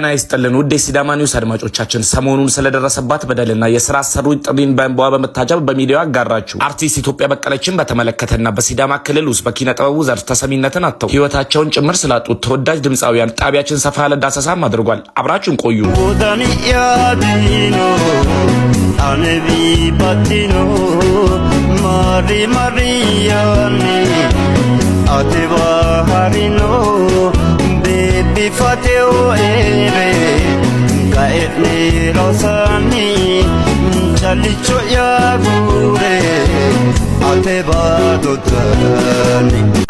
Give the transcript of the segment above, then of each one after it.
ጤና ይስጥልን ውድ የሲዳማ ኒውስ አድማጮቻችን፣ ሰሞኑን ስለደረሰባት በደልና የስራ አሰሩኝ ጥሪን በእንባ በመታጀብ በሚዲያው ያጋራችው አርቲስት ኢትዮጵያ በቀለችን በተመለከተና በሲዳማ ክልል ውስጥ በኪነ ጥበቡ ዘርፍ ተሰሚነትን አጥተው ህይወታቸውን ጭምር ስላጡት ተወዳጅ ድምፃውያን ጣቢያችን ሰፋ ያለ ዳሰሳም አድርጓል። አብራችን ቆዩ። ማሪ ማሪያኒ አቴባ ሀሪኖ đi pha tiêu ê về gậy đi lo sơn ni, chân đi chuỗi ya bu đề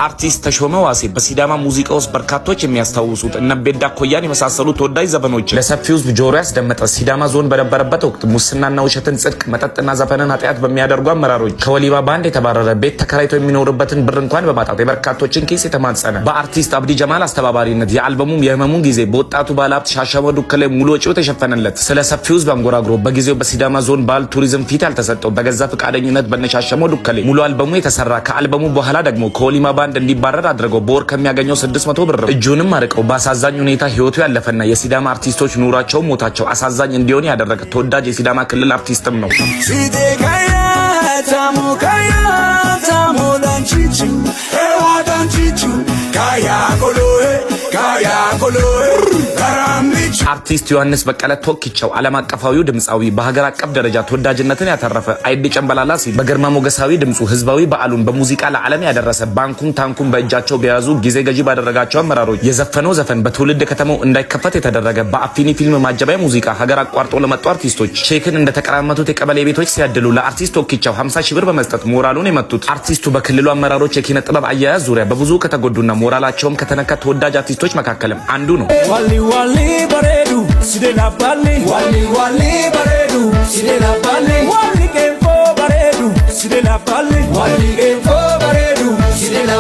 አርቲስት ተሾመ ዋሴ በሲዳማ ሙዚቃ ውስጥ በርካቶች የሚያስታውሱት እነ ቤዳ ኮያን የመሳሰሉ ተወዳጅ ዘፈኖች ለሰፊው ህዝብ ጆሮ ያስደመጠ ሲዳማ ዞን በነበረበት ወቅት ሙስናና ውሸትን ጽድቅ፣ መጠጥና ዘፈንን ኃጢአት በሚያደርጉ አመራሮች ከወሊባ ባንድ የተባረረ ቤት ተከራይቶ የሚኖርበትን ብር እንኳን በማጣት የበርካቶችን ኪስ የተማጸነ በአርቲስት አብዲ ጀማል አስተባባሪነት የአልበሙም የህመሙን ጊዜ በወጣቱ ባለሀብት ሻሸመ ዱከሌ ሙሉ ወጪው ተሸፈነለት። ስለ ሰፊው ህዝብ አንጎራጉሮ በጊዜው በሲዳማ ዞን ባህል ቱሪዝም ፊት ያልተሰጠው በገዛ ፈቃደኝነት በነሻሸመ ዱከሌ ሙሉ አልበሙ የተሰራ ከአልበሙ በኋላ ደግሞ ከወሊማ ባንድ እንዲባረር አድርገው በወር ከሚያገኘው 600 ብር እጁንም አርቀው በአሳዛኝ ሁኔታ ህይወቱ ያለፈና የሲዳማ አርቲስቶች ኑሯቸው ሞታቸው አሳዛኝ እንዲሆን ያደረገ ተወዳጅ የሲዳማ ክልል አርቲስትም ነው። ካያ ካያ አርቲስት ዮሐንስ በቀለ ቶክቸው ዓለም አቀፋዊ ድምፃዊ በሀገር አቀፍ ደረጃ ተወዳጅነትን ያተረፈ አይዲ ጨንበላላ ሲል በግርማ ሞገሳዊ ድምፁ ህዝባዊ በዓሉን በሙዚቃ ለዓለም ያደረሰ ባንኩን ታንኩን በእጃቸው በያዙ ጊዜ ገዢ ባደረጋቸው አመራሮች የዘፈነው ዘፈን በትውልድ ከተማው እንዳይከፈት የተደረገ በአፊኒ ፊልም ማጀባይ ሙዚቃ ሀገር አቋርጦ ለመጡ አርቲስቶች ሼክን እንደተቀራመቱት የቀበሌ ቤቶች ሲያድሉ ለአርቲስት ቶክቻው 50 ሺህ ብር በመስጠት ሞራሉን የመቱት አርቲስቱ በክልሉ አመራሮች የኪነ ጥበብ አያያዝ ዙሪያ በብዙ ከተጎዱና ሞራላቸውም ከተነካ ተወዳጅ አርቲስቶች መካከልም አንዱ ነው። bareedu sideen abbaalli Walli walli bareedu sideen abbaalli Walli qeenfoo bareedu sideen abbaalli Walli qeenfoo bareedu sideen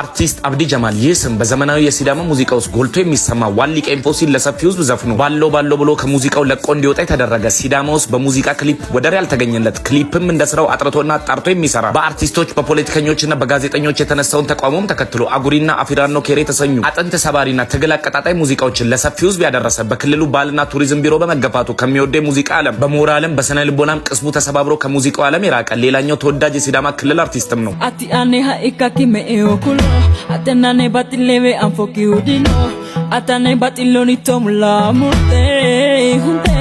አርቲስት አብዲ ጀማል ይህ ስም በዘመናዊ የሲዳማ ሙዚቃ ውስጥ ጎልቶ የሚሰማ ዋሊ ቄንፎ ለሰፊው ህዝብ ዘፍኖ ባሎ ባሎ ብሎ ከሙዚቃው ለቆ እንዲወጣ የተደረገ ሲዳማ ውስጥ በሙዚቃ ክሊፕ ወደር ያልተገኘለት ክሊፕም እንደ ስራው አጥርቶና አጣርቶ የሚሰራ በአርቲስቶች በፖለቲከኞችና በጋዜጠኞች የተነሳውን ተቃውሞም ተከትሎ አጉሪና አፊራኖ ኬሬ የተሰኙ አጥንት ሰባሪና ትግል አቀጣጣይ ሙዚቃዎችን ለሰፊው ህዝብ ያደረሰ በክልሉ ባህልና ቱሪዝም ቢሮ በመገፋቱ ከሚወደው የሙዚቃ ዓለም በሞራልም በስነ ልቦናም ቅስሙ ተሰባብሮ ከሙዚቃው ዓለም የራቀ ሌላኛው ተወዳጅ የሲዳማ ክልል አርቲስትም ነው። Atena ne batilewe amfoki udino Atane batiloni tomla murte Junte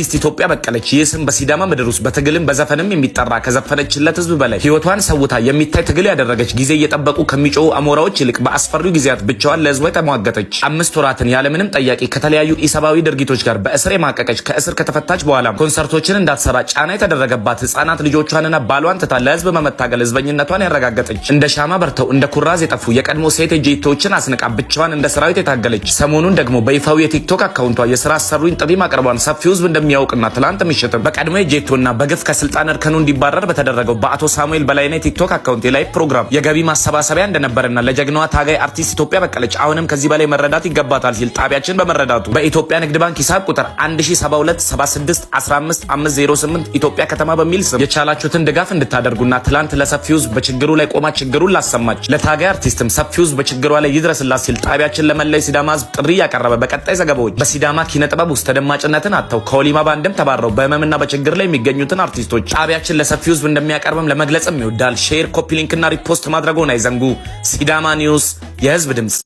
አርቲስት ኢትዮጵያ በቀለች ይህ ስም በሲዳማ ምድር ውስጥ በትግልም በዘፈንም የሚጠራ ከዘፈነችለት ህዝብ በላይ ህይወቷን ሰውታ የሚታይ ትግል ያደረገች ጊዜ እየጠበቁ ከሚጮው አሞራዎች ይልቅ በአስፈሪው ጊዜያት ብቻዋን ለህዝቧ የተሟገተች አምስት ወራትን ያለምንም ጠያቂ ከተለያዩ ኢሰብአዊ ድርጊቶች ጋር በእስር የማቀቀች ከእስር ከተፈታች በኋላ ኮንሰርቶችን እንዳትሰራ ጫና የተደረገባት ህጻናት ልጆቿንና ባሏን ትታ ለህዝብ በመታገል ህዝበኝነቷን ያረጋገጠች እንደ ሻማ በርተው እንደ ኩራዝ የጠፉ የቀድሞ ሴት ጄቶችን አስንቃ ብቻዋን እንደ ሰራዊት የታገለች ሰሞኑን ደግሞ በይፋዊ የቲክቶክ አካውንቷ የስራ አሰሩኝ ጥሪ ማቅረቧን ሰፊው ህዝብ እንደሚ እንደሚያውቅና ትላንት ምሽትም በቀድሞ የጄቶና በግፍ ከስልጣን እርከኑ እንዲባረር በተደረገው በአቶ ሳሙኤል በላይነህ ቲክቶክ አካውንቴ ላይ ፕሮግራም የገቢ ማሰባሰቢያ እንደነበረና ለጀግናዋ ታጋይ አርቲስት ኢትዮጵያ በቀለች አሁንም ከዚህ በላይ መረዳት ይገባታል ሲል ጣቢያችን በመረዳቱ በኢትዮጵያ ንግድ ባንክ ሂሳብ ቁጥር 172761508 ኢትዮጵያ ከተማ በሚል ስም የቻላችሁትን ድጋፍ እንድታደርጉና ትላንት ለሰፊውዝ በችግሩ ላይ ቆማ ችግሩን ላሰማች ለታጋይ አርቲስትም ሰፊውዝ በችግሯ ላይ ይድረስላት ሲል ጣቢያችን ለመላ የሲዳማ ህዝብ ጥሪ እያቀረበ በቀጣይ ዘገባዎች በሲዳማ ኪነጥበብ ውስጥ ተደማጭነትን አጥተው ከወሊማ ጅማ ተባረው በህመምና በችግር ላይ የሚገኙትን አርቲስቶች ጣቢያችን ለሰፊው ህዝብ እንደሚያቀርብም ለመግለጽም ይወዳል። ሼር፣ ኮፒ ሊንክና ሪፖስት ማድረጉን አይዘንጉ። ሲዳማ ኒውስ የህዝብ ድምፅ